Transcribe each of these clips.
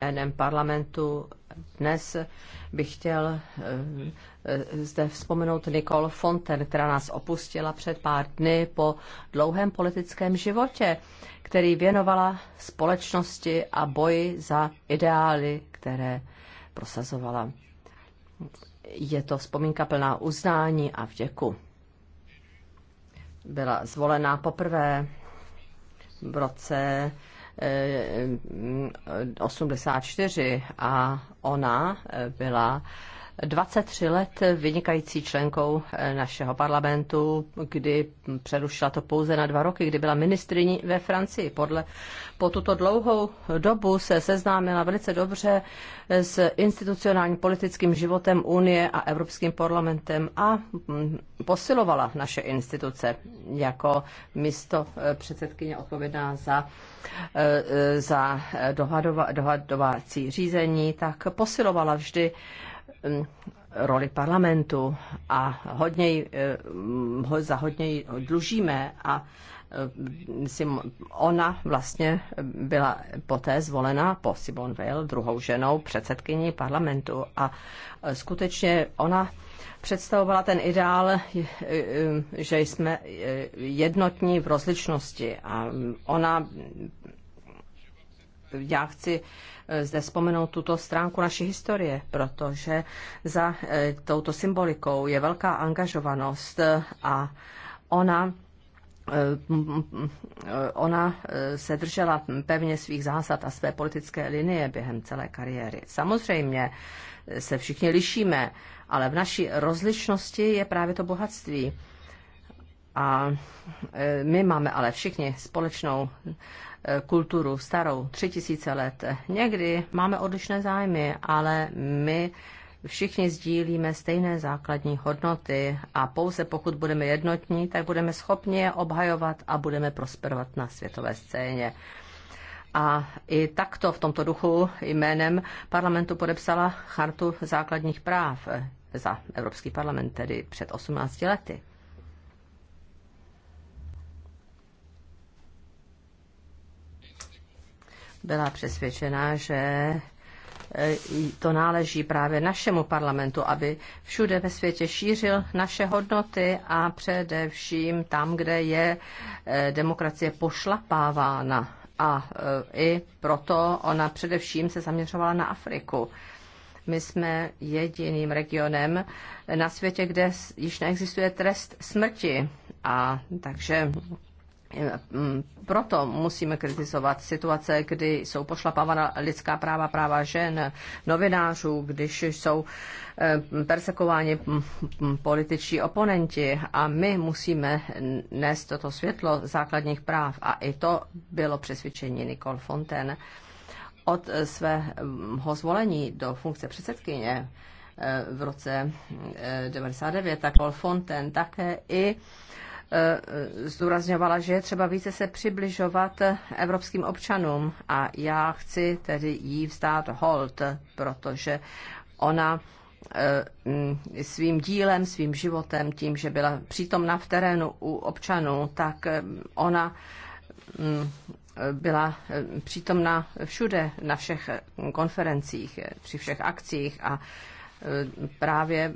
jménem parlamentu dnes bych chtěl eh, eh, zde vzpomenout Nicole Fonten, která nás opustila před pár dny po dlouhém politickém životě, který věnovala společnosti a boji za ideály, které prosazovala. Je to vzpomínka plná uznání a vděku. Byla zvolená poprvé v roce 84 eh, a ona eh, byla 23 let vynikající členkou eh, našeho parlamentu, kdy přerušila to pouze na dva roky, kdy byla ministriní ve Francii. Podle, po tuto dlouhou dobu se seznámila velice dobře eh, s institucionálním politickým životem Unie a Evropským parlamentem a mm, posilovala naše instituce jako místo eh, předsedkyně odpovědná za za dohadova, dohadovací řízení, tak posilovala vždy Mm, roli parlamentu a hodně, mm, ho za hodně dlužíme a mm, ona vlastně byla poté zvolena po Simone Weil druhou ženou předsedkyní parlamentu a e, skutečně ona představovala ten ideál, e, e, že jsme jednotní v rozličnosti a ona já chci eh, zde vzpomenout tuto stránku naší historie, protože za eh, touto symbolikou je velká angažovanost eh, a ona ona se držela pevně svých zásad a své politické linie během celé kariéry. Samozřejmě se všichni lišíme, ale v naší rozličnosti je právě to bohatství. A e, my máme ale všichni společnou e, kulturu starou tři tisíce let. Někdy máme odlišné zájmy, ale my všichni sdílíme stejné základní hodnoty a pouze pokud budeme jednotní, tak budeme schopni je obhajovat a budeme prosperovat na světové scéně. A i takto v tomto duchu jménem parlamentu podepsala Chartu základních práv za Evropský parlament tedy před 18 lety. byla přesvědčena, že e, to náleží právě našemu parlamentu, aby všude ve světě šířil naše hodnoty a především tam, kde je e, demokracie pošlapávána. A e, i proto ona především se zaměřovala na Afriku. My jsme jediným regionem na světě, kde již neexistuje trest smrti. A takže proto musíme kritizovat situace, kdy jsou pošlapávána lidská práva, práva žen, novinářů, když jsou persekováni političtí oponenti a my musíme nést toto světlo základních práv. A i to bylo přesvědčení Nicole Fontaine od svého zvolení do funkce předsedkyně v roce 99, tak Paul Fontaine také i Eh, zdůrazňovala, že je třeba více se přibližovat evropským občanům a já chci tedy jí vzdát hold, protože ona eh, mm, svým dílem, svým životem, tím, že byla přítomna v terénu u občanů, tak eh, ona mm, byla přítomna všude, na všech konferencích, při všech akcích a právě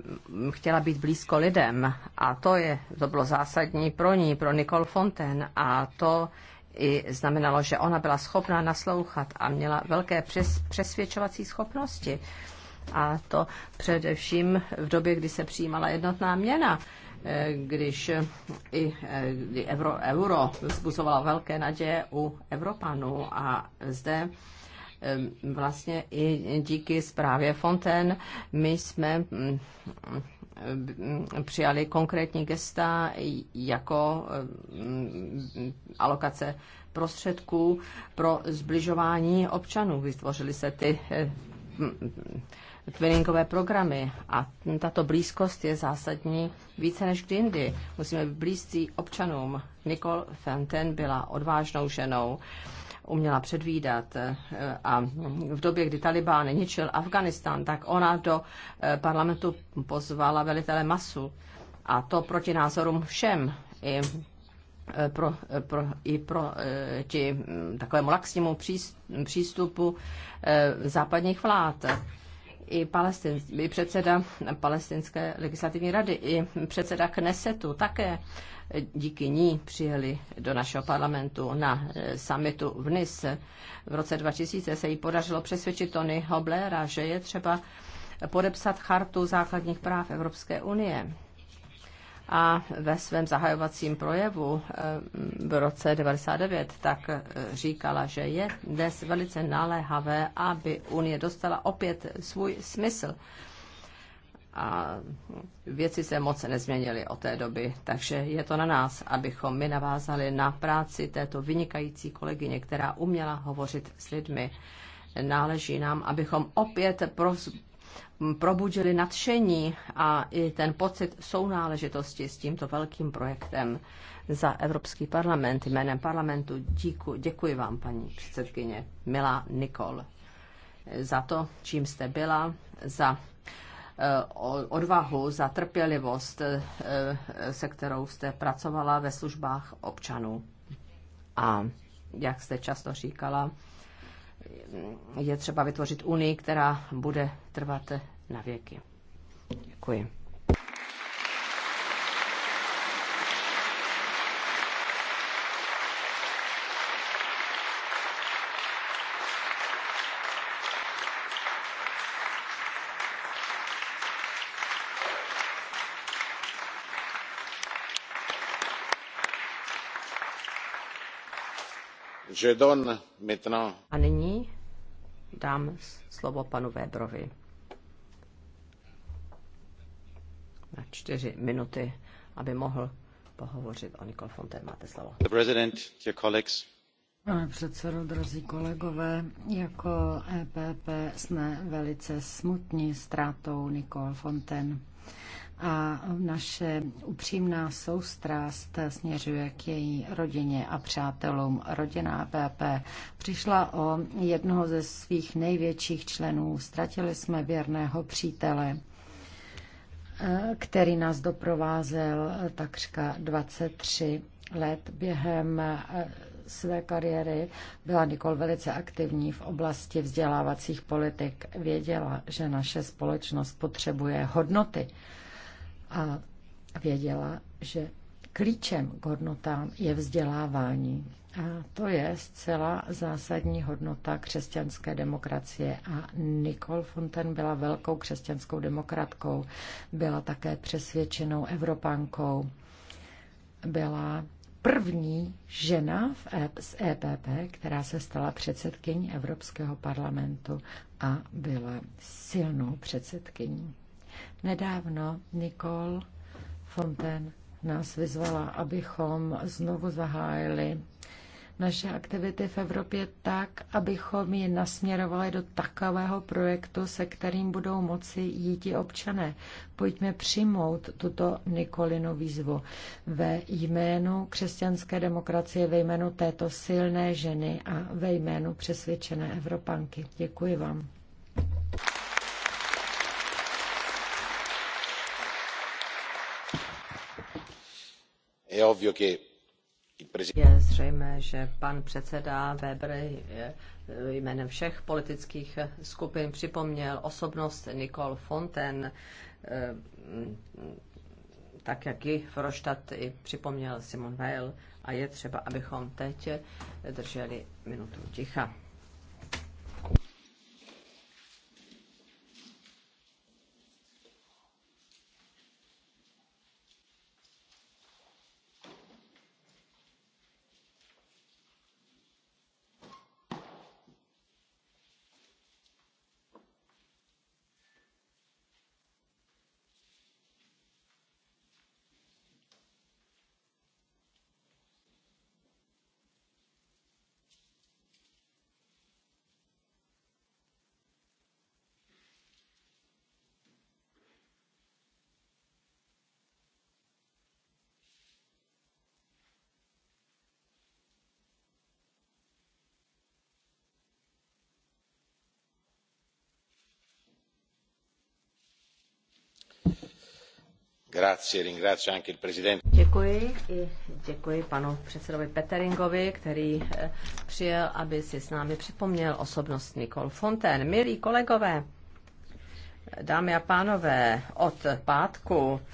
chtěla být blízko lidem a to, je, to bylo zásadní pro ní, pro Nicole Fontaine a to i znamenalo, že ona byla schopná naslouchat a měla velké přes, přesvědčovací schopnosti a to především v době, kdy se přijímala jednotná měna eh, když eh, i eh, kdy euro, euro vzbuzovala velké naděje u Evropanů a zde vlastně i díky zprávě Fonten my jsme mm, mm, přijali konkrétní gesta jako mm, alokace prostředků pro zbližování občanů. Vytvořily se ty eh, twinningové programy a tato blízkost je zásadní více než kdy jindy. Musíme být blízcí občanům. Nicole Fenten byla odvážnou ženou uměla předvídat eh, a v době, kdy Talibán ničil Afganistán, tak ona do eh, parlamentu pozvala velitele masu a to proti názorům všem i eh, pro, pro, i pro ti mm, takovému laxnímu přístupu západních vlád i, palestin, i předseda palestinské legislativní rady, i předseda Knesetu také díky ní přijeli do našeho parlamentu na eh, summitu v NIS. V roce 2000 se jí podařilo přesvědčit Tony Hoblera, že je třeba podepsat chartu základních práv Evropské unie a ve svém zahajovacím projevu eh, v roce 99 tak eh, říkala, že je dnes velice naléhavé, aby Unie dostala opět svůj smysl. A věci se moc nezměnily od té doby, takže je to na nás, abychom my navázali na práci této vynikající kolegyně, která uměla hovořit s lidmi náleží nám, abychom opět probudili nadšení a i ten pocit sounáležitosti s tímto velkým projektem za Evropský parlament jménem parlamentu. Díku, děkuji vám, paní předsedkyně, milá Nikol, za to, čím jste byla, za eh, odvahu, za trpělivost, eh, se kterou jste pracovala ve službách občanů. A jak jste často říkala, je třeba vytvořit unii, která bude trvat na věky. Děkuji. A nyní dám slovo panu Vébrovi. Na čtyři minuty, aby mohl pohovořit o Nikol Fonten. Máte slovo. The president, your colleagues. Pane předsedo, drazí kolegové, jako EPP jsme velice smutní ztrátou Nikol Fonten a naše upřímná soustrast směřuje k její rodině a přátelům. Rodina PP přišla o jednoho ze svých největších členů. Ztratili jsme věrného přítele, který nás doprovázel takřka 23 let během eh, své kariéry byla Nikol velice aktivní v oblasti vzdělávacích politik. Věděla, že naše společnost potřebuje hodnoty, a věděla, že klíčem k hodnotám je vzdělávání. A to je zcela zásadní hodnota křesťanské demokracie. A Nicole Fontaine byla velkou křesťanskou demokratkou, byla také přesvědčenou Evropankou, byla první žena v EP, z EPP, která se stala předsedkyní Evropského parlamentu a byla silnou předsedkyní. Nedávno Nicole Fontaine nás vyzvala, abychom znovu zahájili naše aktivity v Evropě tak, abychom ji nasměrovali do takového projektu, se kterým budou moci jít i občané. Pojďme přijmout tuto Nikolinu výzvu ve jménu křesťanské demokracie, ve jménu této silné ženy a ve jménu přesvědčené Evropanky. Děkuji vám. Je zřejmé, že pan předseda Weber eh, jménem všech politických skupin připomněl osobnost Nicole Fonten, eh, tak jak ji Froštat i připomněl Simon Weil a je třeba, abychom teď drželi minutu ticha. Děkuji i děkuji panu předsedovi Peteringovi, který eh, přijel, aby si s námi připomněl osobnost Nicole Fontaine. Milí kolegové, dámy a pánové, od pátku